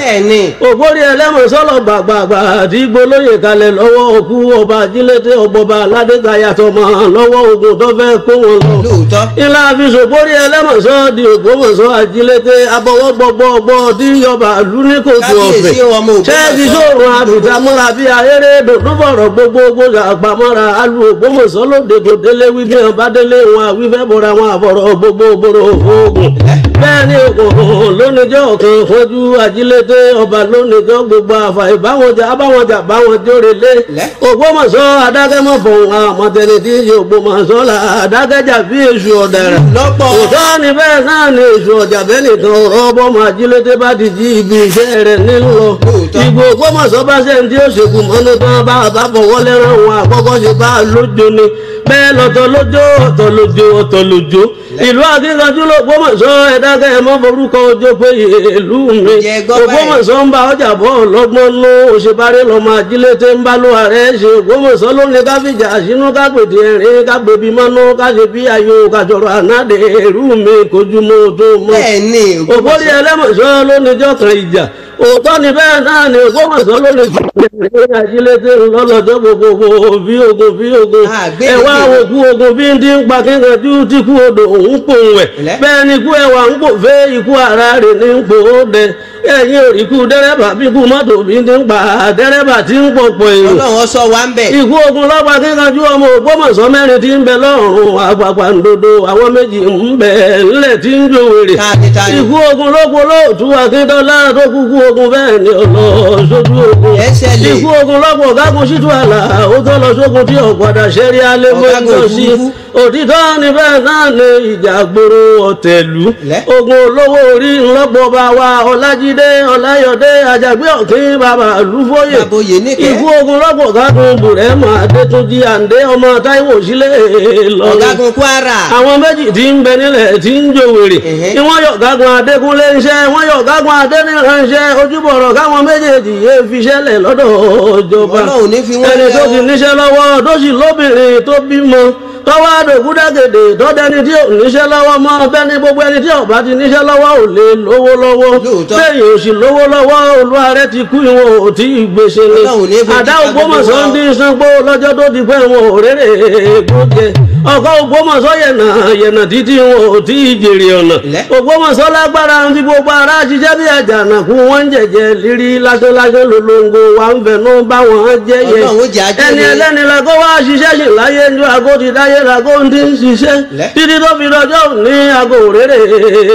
òbórí ẹlẹ́mọ̀sán lọ gbàgbàgbà àti gbolóyè kalẹ̀ lọ́wọ́ òkú ọba ajílété ọgbọba aládégbàyàtọ̀ mọ́ lọ́wọ́ ogun tó fẹ́ kó wọn lọ ilá tí yọba ìlú ní kòtò ọ̀fẹ́ ṣẹ́ẹ̀dì ṣòro àbùdámọ́ra bíi ayérédò tó bọ̀rọ̀ gbogbogbò àgbàmọ́ra alu Ògbómọ̀ṣọ́ lóde kò délé wíbí ọba délé wọn àwífẹ́ bọ̀ra wọn àbọ̀rọ̀ gbogbogbòrò ògùn bẹ́ẹ̀ ni òkùnkùn lónìjọ́ kan fojú ajílété ọba lónìjọ́ gbogbo àfà ìbáwọjà abáwọjà báwọn jórelé Ògbómọ̀ṣọ́ adágẹ́mọ̀ fọ̀hún àmọ̀tẹ́ni tí yìí Ògbómọ̀ṣọ́ là adágẹ́jà bí èṣù ọ̀dàrà òtọ́ ni bẹ́ẹ̀ náà ni èṣù ọ̀jàbẹ́ nìkan ọ̀rọ̀ ọbọ̀ mọ̀ ajílété bá ti jí ibi iṣẹ́ rẹ̀ nílò ìgbò Ògbómọ̀ṣọ́ bá ṣẹ́ni tí ó ṣègùn mọ́nú bá a bá fọwọ́ lẹ́rọ̀ wọn àkọ́kọ́ ṣe bá a lójo ni bẹ́ẹ̀ lọ́tọ̀ lójó ọ̀tọ̀ lójó ọ̀tọ̀ lójó ìlú akínkanjú ló gbọ́mọ̀sọ́ ẹ̀dákẹ́ ẹ̀ mọ́ forúkọ ojó pé ìlú mi ògbọ́mọ̀sọ́ ń bá ọjà bọ́ ọlọ́gbọ́n ló òṣèbárẹ́ lọ́mọ ajílẹ̀ tẹ́ ń bá ló ààrẹ ṣe ògbọ́mọ̀sọ́ ló ní káfíjà sínú kágbèdè ẹ̀rín kágbèbí mọ́nú káṣe bí ayò kájọrọ̀ ànádé ìlú mi kojú mọ́ tó mọ́ ògbóni ẹlẹ́mọ̀sọ́ ló níjọ́ kan ìjà òótọ́ ni bẹ́ẹ̀ náà ni Ògbómọ̀ṣọ́ ló lè fi ìrìn àjílété lọ́lọ́dọ́ gbogbo bí ogo bí ogo ẹ wá òkú ogo bí ń dín pa kíkan tí ó ti kú odò òun pòun ẹ̀ bẹ́ẹ̀ ni ikú ẹwà ń pò fẹ́ ikú ara rẹ̀ ní ń pò ó dẹ ẹ̀yin ò rí ikú dẹ́rẹ́bà ikú mọ́tò bí ti ń pa dẹ́rẹ́bà tí ń pọ̀pọ̀ èrò. ọlọ́run sọ wá ń bẹ̀. ikú ogun lọ́pàá kíkanjú ọmọ ògbómọ̀ṣọ́ mẹ́rin ti ń bẹ lọ́rùn àpàpàǹdodo àwọn méjì ń bẹ ńlẹ̀ tí ń jò wèrè. ikú ogun lọ́pọ̀ lóòtú akíndọ́lá tó kúkú ogun bẹ́ẹ̀ ni ọ̀lọ́ sójú ogun. ikú ogun lọ́pọ̀ gágun sítú àlà ó tó lọ sógun tí ọ̀padà ṣẹ́rí alẹ́ òtítọ́ ni bẹ́ẹ̀ náà ni ìjà gbòòrò ọ̀tẹ̀lú ogun olówó orí ńlọ́pọ̀ bá wa ọlájì Babájídé Ọláyọdé Àjàgbé Ọ̀kín bàbá àlùfóyè ikú ogun rọ́pò kágun bùrẹ́mà Adétúnjì Àǹdé ọmọ Táíwò sílé lọ́rùn. ọ̀gágun Kwara. àwọn méjì tí ń bẹ nílẹ̀ tí ń jò wèrè ni wọ́n yọ ọ̀gágun Adékúnlé ńṣẹ́ wọ́n yọ ọ̀gágun Adéníran ńṣẹ́ ojúbọ̀rọ̀ káwọn méjèèjì yé fiṣẹ́ lẹ̀ lọ́dọ̀ ìjọba ẹni tó ti níṣẹ́ tọ́wọ́ àdògúdàgèdè tọ́dẹni tí ò níṣẹ́ lọ́wọ́ mọ́ bẹ́ni gbogbo ẹni tí ọ̀bá ti níṣẹ́ lọ́wọ́ ò lè lówó lọ́wọ́ bẹ́ẹ̀ ò sì lówó lọ́wọ́ olúwa rẹ̀ ti kú ìwọ̀n ò tí ì gbèsè ni àdá Ògbómọ̀ṣọ́ dín sanpó lọ́jọ́ tó ti pẹ́ wọn ò rérè gbòjẹ́ ọ̀gá Ògbómọ̀ṣọ́ yẹ̀nà yẹ̀nà títí wọn ò tí ì jèrè ọ̀nà Ògbómọ̀ṣọ́ lágbára tí gbogbo ara ṣiṣẹ́ bí àjànà kú wọ́n ń jẹ̀jẹ̀ lírí lájọ́lájọ́ lolongo wa ń bẹ̀ bá wọn jẹ́ yẹ ẹni ẹlẹ́ni la kó ṣiṣẹ́ sì láyé ní ago ti dáyé la ń ti ń ṣiṣẹ́ títí tó fi lọ́jọ́ ní ago òrèrè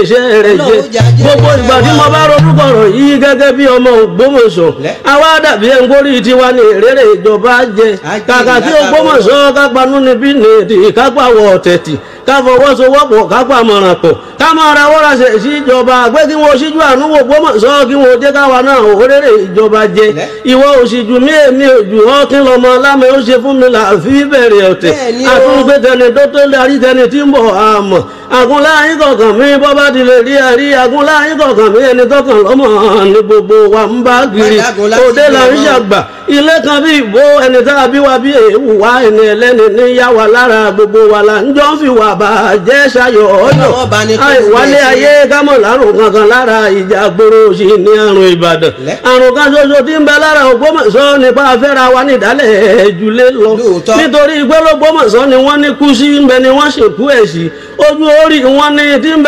iṣẹ́ rẹ̀ jẹ́ gbogbo ìgbà tí mo bá ronú kọ̀rọ̀ yìí gẹ́gẹ́ bí ọmọ Ògbómọ̀ṣọ́ àwa dàbí ẹnkórì tiwa ní ká gbọ́ àwọ̀ ọ̀tẹ̀tì ká fọwọ́sowọ́pọ̀ ká pàmọ̀ràn pọ̀ ká máa ra wọ́ra síjọba pé kí wọ́n ṣíjú àánú wò gbọ́mọ̀ sọ kí wọ́n jẹ́ káwa náà òrèrè ìjọba jẹ ìwọ òṣìjú mí èmi òjù ọkín lọmọ lámẹ ó ṣe fún mi là fi bẹ̀rẹ̀ ọ̀tẹ̀ àtúngbé tẹni tó tó darí tẹni tí ń bọ̀ àmọ̀ àgúnláyín kọ̀ọ̀kan mi bọ́ bá ti lè rí àrí àgúnláyín kọ̀ọ̀kan mi ẹni tọkàn lọ́mọ ní gbogbo wa ń bá giri òde là ń ṣàgbà ilé kan bí ìbò ẹni tá a bí wa bí èèwù wa ẹni ẹlẹ́ni níyà wa lára gbogbo wa là ń jọ́ fi wà bàbá jẹ́sàyọ̀ ọ̀yọ̀ àìwálé ayé kámọ̀ lárùn kankan lára ìjà gbòòrò sí ní àrùn ìbàdàn àrùn kan ṣoṣo tí ń bẹ lára ògbómọ̀ṣọ́ nípa afẹ́ra wa nídàálẹ̀ ẹ̀júlé lọ ni wọ́n ní kú sí ń ni wọ́n ṣèkú ẹ̀ sí ni tí ń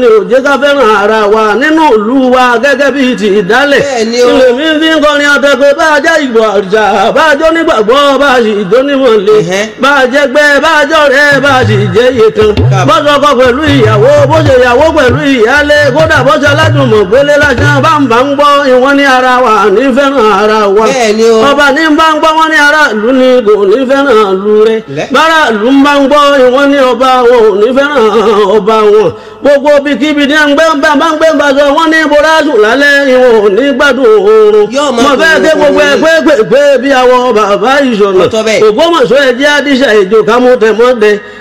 ni ká fẹ́ràn ara wa nínú ìlú wa gẹ́gẹ́ bíi ti ìdálẹ̀ ilé mi fi ń kọrin àtẹ̀pẹ́ bá a jẹ́ ìgbò àrùsà bá a jọ nígbàgbọ́ bá a sì jọ jẹ́ iye kan bó ṣe ọkọ pẹ̀lú ìyàwó bó ṣe ìyàwó pẹ̀lú ìyálé kódà bó ṣe aládùnmọ̀ gbélé lásán bá ń bá ń gbọ́ ìwọ́n ní ara wa ní fẹ́ràn ara wa ọba ní bá ń gbọ́ wọ́n ní ara ìlú ni kò ní fẹ́ràn ìlú rẹ̀ bára ìlú ń bá ń gbọ́ ìwọ́n ní ọba wọn ò ní fẹ́ràn ọba wọn gbogbo bikíbi ní àgbẹ̀ ń bá máa ń gbé ń bàjọ́ ní bora sùn lálẹ́ ìwọ̀n ní gbádùn oorun mo fẹ́ dé gbogbo ẹ̀ pé pé pé bí àwọn bàbá ìṣọ̀nà Ògbómọ̀ṣọ́ ẹ̀jẹ̀ àdìsá ìjò kámú tẹ̀mọ́dẹ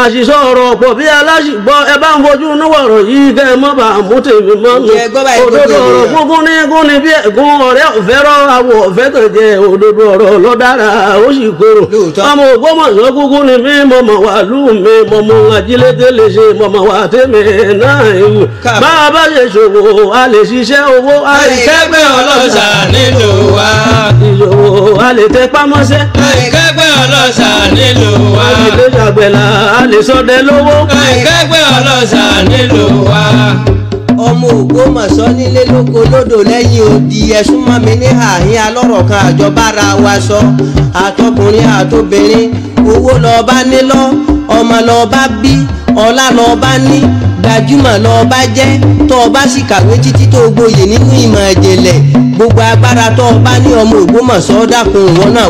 àṣìṣọ́ ọ̀rọ̀ pọ̀ bí aláṣìgbọ́ ẹ bá ń fojú níwọ̀rọ̀ yìí kẹ́ ẹ mọ́ bá mú tèmi mọ́nu òdodo ọ̀rọ̀ gúngún ní gún ni bí ẹ̀gún ọ̀rẹ́ ọ̀fẹ́ rọ àwọ̀ ọ̀fẹ́ tó jẹ́ òdodo ọ̀rọ̀ lọ́dára ó sì korò ọmọ Ògbómọ̀ṣọ́ gúngún ni mí mo wà lù mí mo mọ ah. lè ṣe mo wà tèmi náà ewu bá a a lè sọdẹ lówó. kẹ̀kẹ́gbẹ́ ọlọ́sà nílò wa. ọmọ Ògbómọ̀ṣọ́ nílé lóko lódò lẹ́yìn odi ẹ̀sùn mọ́ mi ní àhín alọ́rọ̀ kan àjọba ara wa sọ àtọkùnrin àtobìnrin owó lọ́ọ́ nílọ́ ọmọ bá bí ọlá ní gbajúmọ̀ jẹ́ tó o bá títí tó gboyè nínú ìmọ̀ gbogbo agbára tó o bá ní ọmọ dákun ìwọ náà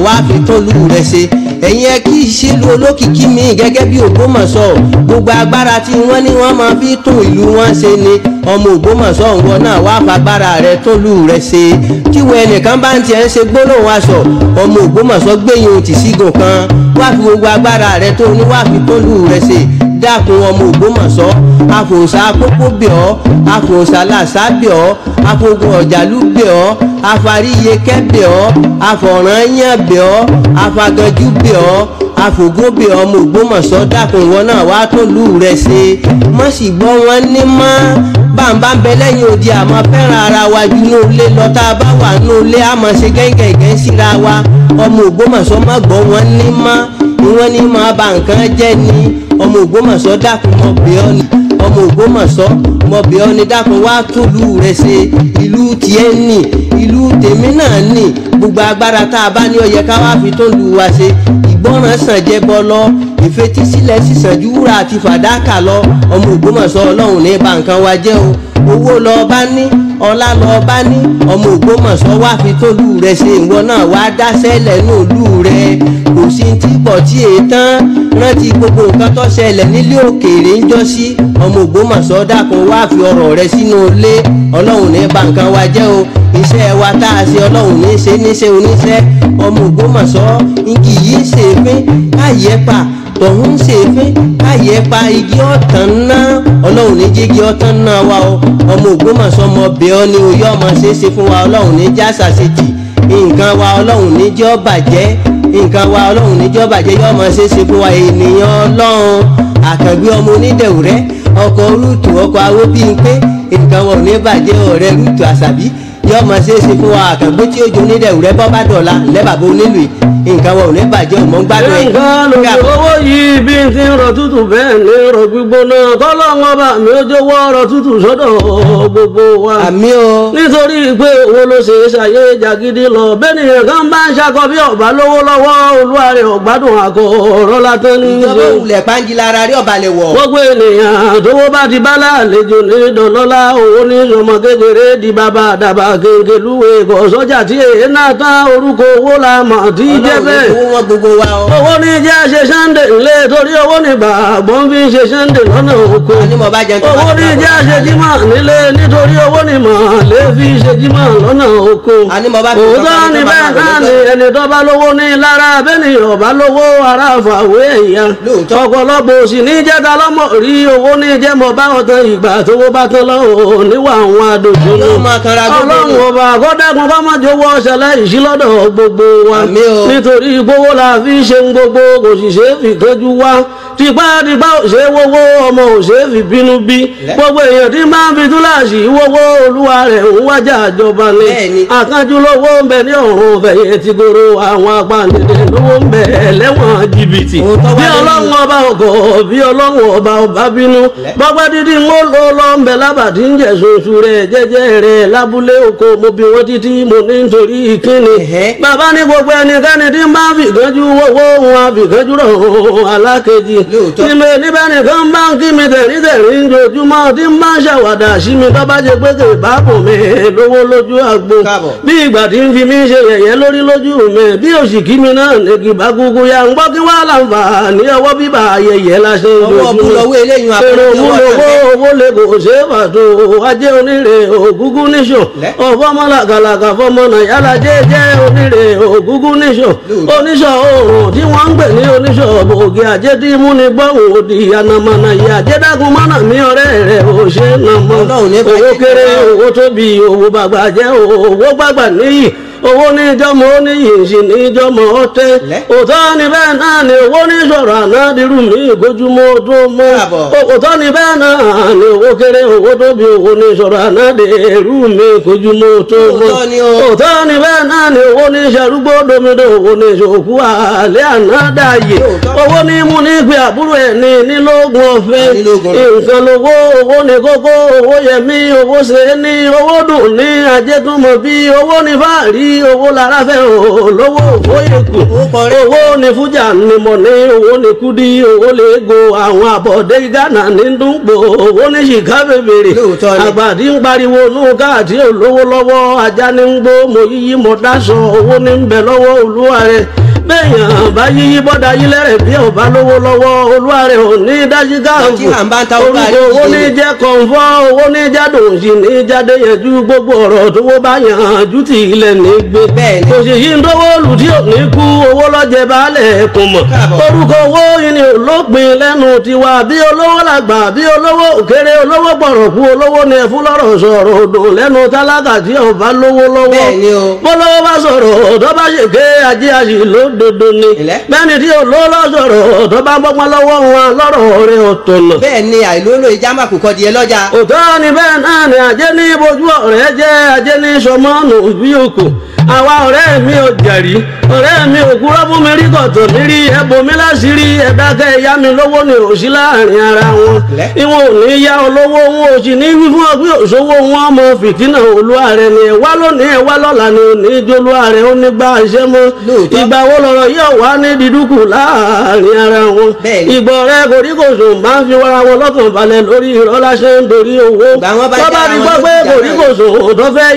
ẹ̀yin ẹ kí ìṣèlú olókìkí mi gẹ́gẹ́ bí Ògbómọ̀ṣọ́ gbogbo agbára tí wọ́n ní wọ́n máa fi tún ìlú wọn ṣe ni ọmọ Ògbómọ̀ṣọ́ ìwọ náà wá fagbára rẹ tó lù rẹ ṣe tíwọ ẹnìkan bá ń tiẹ̀ ń ṣe gbólóhùn aṣọ ọmọ Ògbómọ̀ṣọ́ gbẹ̀yìn òtì sígùn kan wá fi gbogbo agbára rẹ tó ní wá fi tó lù rẹ ṣe dákun ọmọ Ògbómọ̀ṣọ́ àfòǹsà kókó bẹ̀ ọ́ àfòǹsà làṣà bẹ̀ ọ́ àfògùn ọ̀jàlú bẹ̀ ọ́ àfaríyekẹ́ bẹ̀ ọ́ àfọ̀rànyàn bẹ̀ ọ́ àfagànjú bẹ̀ ọ́ àfògóbè ọmọ Ògbómọ̀ṣọ́ dákun wọn náà wàá tún lù rẹ̀ ṣe mọ̀ sì gbọ́ wọn ní mọ́ bàǹbà ń bẹ lẹ́yìn òdi àmọ́ fẹ́ràn ara wa ju inú ilé lọ tá a bá wà nínú ilé àmọ́ ṣe gẹ́gẹ́gẹ́ síra wa ọmọ Ògbómọ̀ṣọ́ má gbọ́ wọn ní mọ́ ni ní máa bà nǹkan jẹ́ ni ọmọ Ògbómọ̀ṣọ́ dákun mọ bíọ́ ni ọmọ Ògbómọ̀ṣọ́ mọ bíọ́ ni dákun wá tún ìlú rẹ̀ ṣe ìlú tiẹ̀ ni ìlú tèmi náà ni gbogbo agbára tá a bá ní ó ká wá fi tó lu wa ṣe ìgbọràn sàn jẹ bọ lọ ìfetísílẹ̀ sísàn ju wúrà àti fàdákà lọ ọmọ Ògbómọ̀ṣọ́ Ọlọ́run ní bá nǹkan wa jẹ́ o owó lọ bá ní ọlá lọ bá ní ọmọ Ògbómọ̀ṣọ́ wá fi tó lù rẹ ṣe ìwọ náà wá dáṣẹ́ lẹ́nu lù rẹ kò sí ti pọ̀ tí èé tán rántí gbogbo nǹkan tó ṣẹlẹ̀ nílé òkèèrè ń jọ sí ọmọ Ògbómọ̀ṣọ́ dákun wá fi ọ̀rọ̀ rẹ sínú ilé Ọlọ́run ní bá nǹkan wa jẹ́ o iṣẹ́ wa tá a ṣe ọlọ́run ní ṣe níṣẹ́ oníṣẹ́ ọmọ ògbómọ̀ṣọ́ igi yìí ṣe é fín káyẹ́pà tọ̀hún ṣe é fín káyẹ́pà igi ọ̀tàn náà ọlọ́run ní jẹ́ igi ọ̀tàn náà wa o ọmọ ògbómọ̀ṣọ́ ọmọ bẹ́ẹ̀ ọ́ ni oyè ọmọ ṣe é ṣe fún wa ọlọ́run ní já ṣàṣetì nǹkan wa ọlọ́run ní jẹ́ ọ̀bàjẹ́ nǹkan wa ọlọ́run ní jẹ́ ọ̀bàjẹ́ yọ ọmọ ṣe é ṣe fún wa ènìyàn ọlọ́run àkàngbé ọmọ onídẹ̀wùrẹ́ ọkọ̀ rúùtù ọkọ̀ awó bíi pé nǹkan wọn ò ní bàjẹ́ ọ̀rẹ́ rúùtù àṣàbí yóò mọ̀ ṣe é ṣe fún wa àkàngbé tí òjò nílẹ̀ rẹ bọ́ bá dọ̀la lẹ́bàbá onílù nǹkan wọn ò ní bàjẹ́ òmò ń gbádùn ẹ̀. nǹkan lòlówó yìí bí n ti ń rọ tútù bẹ́ẹ̀ ni rọ gbígbóná tọ́lọ́wọ́n bá mi ó jówó rọ tútù sọ́dọ̀ gbogbo wa. àmì o. nítorí pé òun ló ṣe é ṣàyé jàgídí lọ bẹ́ẹ̀ni nǹkan bá ń ṣakọ bí ọ̀bá lówó lọ́wọ́ olúwarẹ̀ ọ̀gbádùn àkọ́ ọ̀rọ̀ látọ́ ní. ìjọba òwúlẹ̀ pàǹgìlára rí gègé lúwe kò sọ́jà tí èyí náà tán orúkọ owó la mọ̀ tí jẹ́ bẹ́ẹ̀. owó ní jẹ́ ṣe sànńdè ńlẹ̀ torí owó ní bàbọ̀ ń fi ṣe sànńdè lọ́nà oko. owó ní jẹ́ ṣe jímọ̀ nílé nítorí owó ní mọ̀ lè fi ṣe jímọ̀ lọ́nà oko. òótọ́ ni bẹ́ẹ̀ náà ni ẹni tó bá lówó ní lára bẹ́ẹ̀ni ọ̀bá lówó ara fàwé ẹ̀yà. ọ̀pọ̀lọpọ̀ ọlọ́run ọba àkọ́dẹ́kun bá má jówó ọṣẹ láìsí lọ́dọ̀ gbogbo wa nítorí gbowó la fi ṣe gbogbo kò sì ṣe é fi kánjú wá tipátipá ò ṣe wọ́wọ́ ọmọ ò ṣe fi bínú bí gbogbo èèyàn tí máa ń fi túláàṣì wọ́wọ́ olúwa rẹ̀ ń wájà àjọba ni àkájú lówó ń bẹ ní ọ̀run fẹ̀yẹ ti goro àwọn apanilẹ̀ lówó ń bẹ ẹlẹ́wọ̀n jìbìtì bí ọlọ́run ọba ọkọ̀ bí ọlọ́run ọba ọba bínú gbọ́gbẹ́ dídí ń lò lọ́ ń bẹ lábàdí ń jẹ̀ soṣù rẹ̀ jẹ́jẹ́ rẹ̀ lábúlé oko mo bí wọ́n títí mo ní nítorí ìkíni bàbá ní gbogbo ẹnikẹ́ni tí ń bá fìgànjú wọ́wọ́ wọn fìgànjú rọ̀ alákejì tí mi níbẹ̀ nìkan bá ń kí mi tẹ̀rí tẹ̀rí lójúmọ́ tí ń bá ń ṣàwàdà sí mi bá bá ṣe pé kè bá bò mí lówó lójú àgbo bí ìgbà tí ń fi mí ṣe yẹ̀yẹ́ lórí lójú mi bí òsì kí mi náà ní kí bá gúgú ya ń gbọ́ kí wá làǹfà ní ọwọ́ bíbà ayẹyẹ la ṣe ń lójúmọ́ èrò múlòwó owó lè kò ṣe é pàtó ajé oníre ògúgú níṣò ọ̀fọ́ mọ́làkàlàkà fọ́mọ nàyàlá jẹ́ jẹ́ oníre ògúgú níṣò oníṣọ̀ oòrùn tí wọ́n ń gbè ní oníṣọ̀ ògì àjẹ́ tí mú ní gbọ́wò di anamọ́nà yìí àjẹdágun mọ́nà mi ọ̀rẹ́ rẹ̀ ò ṣe é nà mọ́ owó kéré owó tóbi owó bàgbà jẹ́ owó gbàgbà níyì owó ní ìjọmọ ó ní yìnyín ní ìjọmọ ọtẹ òótọ́ ni bẹ́ẹ̀ náà ni owó ní ìṣòro ànádìrú mi ìgójúmọ́ ọdún mọ́ òótọ́ ni bẹ́ẹ̀ náà ni owó kéré owó tóbi owó ní ìṣòro ànádìrú mi ìgójúmọ́ ọdún mọ́ òótọ́ ni bẹ́ẹ̀ náà ni owó ní ìṣàrúgbó domido owó ní ìṣòkú àlẹ́ ànádàyè owó ní mú ní pé àbúrò ẹ̀ ní nílógún ọ̀fẹ́ nǹkan lówó owó ní kókó owó yẹmí owó ṣe ní owó dùn ní torí owó lára fẹ́ o lówó owó èkó owó ni fújà ni mo ní owó ni kúdí owó lè go àwọn àbọ̀dé Ghana ní dúnpọ̀ owó ní Chicago bèrè àgbàdì ń pariwo nù káàdì olówó lọ́wọ́ ajá ní ń gbó mo yíyí mo dáṣọ owó ní ń bẹ lọ́wọ́ olúwa rẹ̀ bẹ́ẹ̀yàn bá yíyí bọ́dà yí lẹ́rẹ̀ bí ọba lówó lọ́wọ́ olúwarẹ ò ní dájú gáàmù orúkọ owó ní jẹ́ kọ̀ǹfọ́ owó ní jáde òsì ní jáde yẹjú gbogbo ọ̀rọ̀ tówó bá yàn ju ti ilẹ̀ ní gbé kò sì yí ń dówó lù tí ò ní kú owó lọ́jẹ̀ baálẹ̀ kò mọ̀ orúkọ owó yìí ni olópin lẹ́nu tiwa bí olówó làgbà bí olówó òkèrè olówó gbọ̀rọ̀ kú olówó ni ẹ̀fún lọ́rọ̀ sọ̀rọ̀ odò lẹ́nu tálákà tí ọba lówó lọ́wọ́ bọ́lọ́wọ́ bá sọ̀rọ̀ ọ̀dọ́ bá ṣèké ajé àṣì òdodo ni bẹ́ẹ̀ni tí ò sọ̀rọ̀ lọ́sọ̀rọ̀ tó bá gbọ́gbọ́n lọ́wọ́ wọn lọ́rọ̀ orí òtòlò. bẹ́ẹ̀ ni àìlólò ìjàmbá kò kọ́ di ẹ lọ́jà. òtọ́ ni bẹ́ẹ̀ náà ni ajé ní bojú ọ̀rẹ́ jẹ́ ajé ní sọmọ́nù bí òkò àwa ọ̀rẹ́ mi ò jẹ̀rí ọ̀rẹ́ mi ò kúrọ́ fún mi rí kọ̀tọ̀ mi rí ẹ̀bùnmi láṣìírí ẹ̀dákẹ́ ìyá mi lówó ni òṣì láàrin ara wọn ìwọ̀n ò ní yá olówó wọn ò sì ní fífún ọgbẹ́ òṣòwò wọn ọmọ fìtínà olúwarẹ ni ẹ̀wá lónìí ẹ̀wá lọ́la ni òní ijó olúwarẹ ó ní gbá iṣẹ́ mọ́ ìgbà wo lọ̀rọ̀ yóò wá ní dídúkù láàrin ara wọn ìgbọ̀ rẹ kòríkòsò máa ń fi wára wọn lọ́kàn balẹ̀ lórí irọ́ láṣẹ ń dorí owó tọ́ba ti gbọ́ pé kòríkòsò òtọ́ fẹ́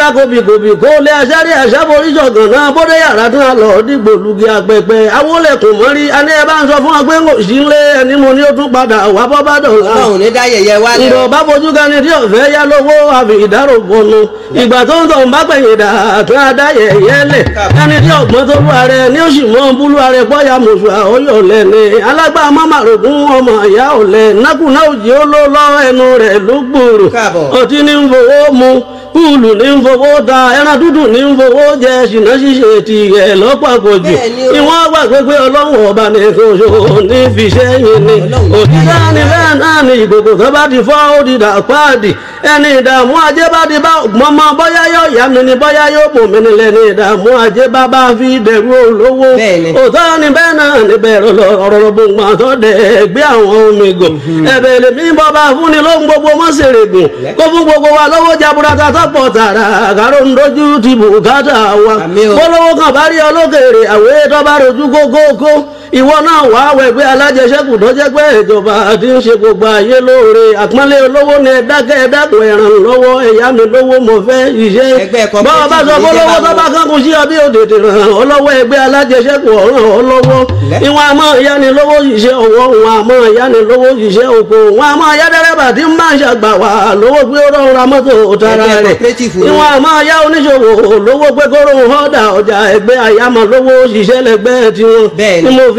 ta kòbìkòbì kó lé aṣáré aṣáboríṣọ gàngán bóde yàrá tán lọ dìgbò lugi apẹpẹ awolẹkùn mọrí alẹ ẹ bá ń sọ fún wa pé ń sì ń lé ẹni mo ní ó tún padà wà bọ́ bá dọ̀la. wọn ò ní dá yẹyẹ wá lẹ. ìrọ̀ bá fojú kan ní tí ọ̀fẹ́ yá lówó àfi ìdárò bọnu ìgbà tó ń tọ̀ ń bá pẹ̀yìn dà tó a yẹyẹ lẹ̀ ẹni tí ọ̀gbọ́n tó bú arẹ ni ó ló lọ́ ẹnu rẹ̀ púùlù ní ń fowó ta ẹran dúdú ní ń fowó jẹ ṣìnà ṣíṣe tìyẹ lọ́pàpọ̀ jù ìwọ́n gbàgbé pé ọlọ́run ọba ní ṣoṣo ní fi ṣẹ́yìn ni òdìdá ni bẹ́ẹ̀ náà ni ìkòkò kan bá ti fọ́ ó páàdì ẹni ìdààmú ajé bá di bá mọ́mọ́ bóyá yóò yánu ni bóyá yóò bòmí nílẹ̀ ní ìdààmú ajé bá bá fi dẹ̀rú olówó òótọ́ ni bẹ́ẹ̀ náà ni gbogbo àtọ́ dẹ̀ gbé àwọn omi gò mhm. ẹ̀bẹ̀ bọ́ bá gbogbo mọ́ wa lọ́wọ́ jaburata tọ́pọ̀ tààrà ń dojú wa kan bá rí ọlọ́kẹ̀rẹ̀ ìwọ náà wà á wẹ̀gbẹ́ alájẹsẹ́kù tó jẹ́ pé ìjọba àti ń ṣe gbogbo ayé lóore àpọ́nlé olówó ni ẹ̀dákẹ́ ẹ̀dàkùn ẹ̀ràn lọ́wọ́ ẹ̀yá mi lówó mo fẹ́ iṣẹ́ bọ́ọ̀ bá sọ fún lówó tó bá kankun sí ọ bí òtètè ràn ọ́ lọ́wọ́ ẹgbẹ́ alájẹsẹ́kù ọ̀ràn ọ́ lọ́wọ́ ìwọ̀n àmọ́ ìyánilówó iṣẹ́ ọwọ́ ìwọ̀n àmọ́ ìyánilówó iṣẹ́ oko ìwọ̀n àmọ́ ìyá dẹ́rẹ́bà tí ń máa ṣàgbà wà lówó pé ó rọrùn ra mọ́tò tara rẹ̀ ìwọ̀n àmọ́ ìyá oníṣòwò lówó pé kóró ń họ́dà ọjà ẹgbẹ́ àyàmọ̀ mo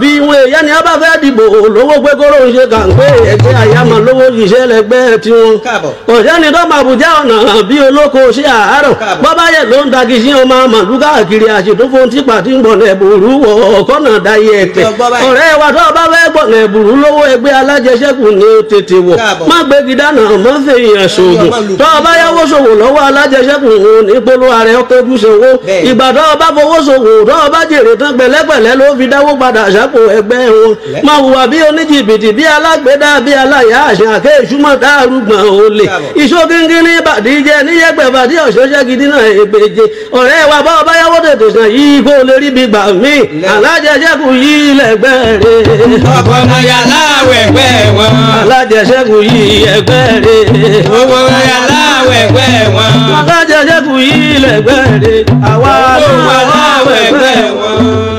bí ìwé ìyá ni a bá fẹ́ dìbò lówó pé kóró ń ṣe kàǹpé ẹgbẹ́ àyàmọ̀ lówó ṣiṣẹ́ lẹ́gbẹ́ tiwọn. kò sẹ́ni tó máa bùjá ọ̀nà bí olóko ṣe àárọ̀ bọ́bá yẹ ló ń dagi sí ọmọ màlú káàkiri àṣetòfò tí pàtí ń gbọ̀nà ẹ̀bùrú wọ ọ̀kọ́nà dayé ẹ̀tẹ̀. ọ̀rẹ́ wa tó bá fẹ́ gbọ̀nà ẹ̀bùrú lówó ẹgbẹ́ alájẹsẹ́kù ní tètè wọ̀ má àṣàpò ẹgbẹ́ wọn máa hùwà bí oníjìbìtì bí alágbèdá bí aláyà àṣà kéèṣùmọ̀ dárúgbọ̀n olè ìṣó kínkín ní bàdí jẹ níyẹ̀pẹ̀ bàdí ọ̀ṣọ́ṣẹ́ gidi náà ègbèje ọ̀rẹ́ wa bá ọba yáwó tètè sàn yìí kó lè rí bí gbà mí alájẹsẹ́kù yìí lẹ́gbẹ́ rẹ̀. ọkọ ọmọ yàrá wẹ̀gbẹ́ wọn. alájẹsẹ́kù yìí ẹgbẹ́ rẹ̀. owó yàrá wẹ̀gbẹ́ wọn. alájẹsẹ́kù yìí lẹ́gbẹ́ rẹ̀. àwa náà wà láwẹ̀gbẹ́ wọn.